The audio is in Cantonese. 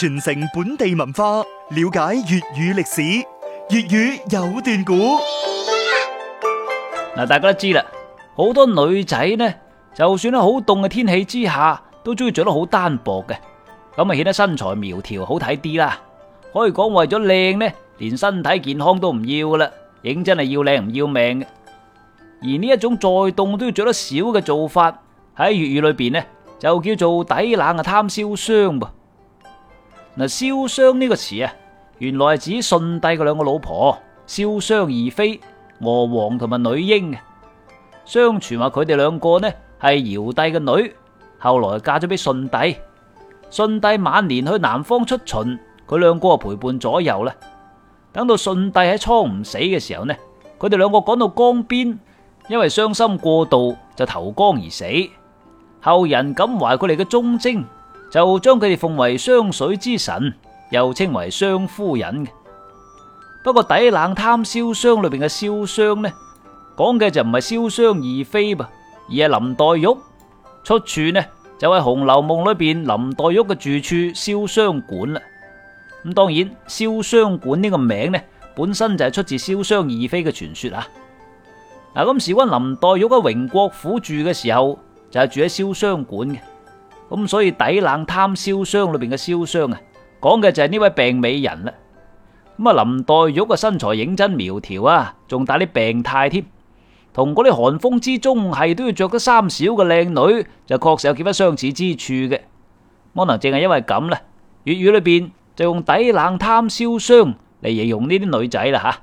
傳承本地文化，了解粵語歷史，粵語有段古。嗱，大家都知啦，好多女仔咧，就算喺好凍嘅天氣之下，都中意着得好單薄嘅，咁啊顯得身材苗條好睇啲啦。可以講為咗靚咧，連身體健康都唔要噶啦，認真係要靚唔要命嘅。而呢一種再凍都要着得少嘅做法，喺粵語裏邊咧就叫做抵冷啊貪瀟湘噃。嗱，瀟湘呢個詞啊，原來係指舜帝嘅兩個老婆瀟湘二妃，娥皇同埋女英嘅。相傳話佢哋兩個呢係堯帝嘅女，後來嫁咗俾舜帝。舜帝晚年去南方出巡，佢兩個陪伴左右啦。等到舜帝喺蒼梧死嘅時候呢，佢哋兩個趕到江邊，因為傷心過度就投江而死。後人感懷佢哋嘅忠貞。就將佢哋奉為湘水之神，又稱為湘夫人嘅。不過抵冷貪瀟湘裏邊嘅瀟湘呢，講嘅就唔係瀟湘二妃噃，而係林黛玉。出處呢就係《紅樓夢》裏邊林黛玉嘅住處瀟湘館啦。咁當然瀟湘館呢個名呢，本身就係出自瀟湘二妃嘅傳說啊。嗱，咁事關林黛玉喺榮國府住嘅時候，就係、是、住喺瀟湘館嘅。咁所以抵冷貪瀟湘裏邊嘅瀟湘啊，講嘅就係呢位病美人啦。咁啊，林黛玉嘅身材認真苗條啊，仲帶啲病態添，同嗰啲寒風之中係都要着得衫少嘅靚女，就確實有幾分相似之處嘅。可能淨係因為咁啦，粵語裏邊就用抵冷貪瀟湘嚟形容呢啲女仔啦吓。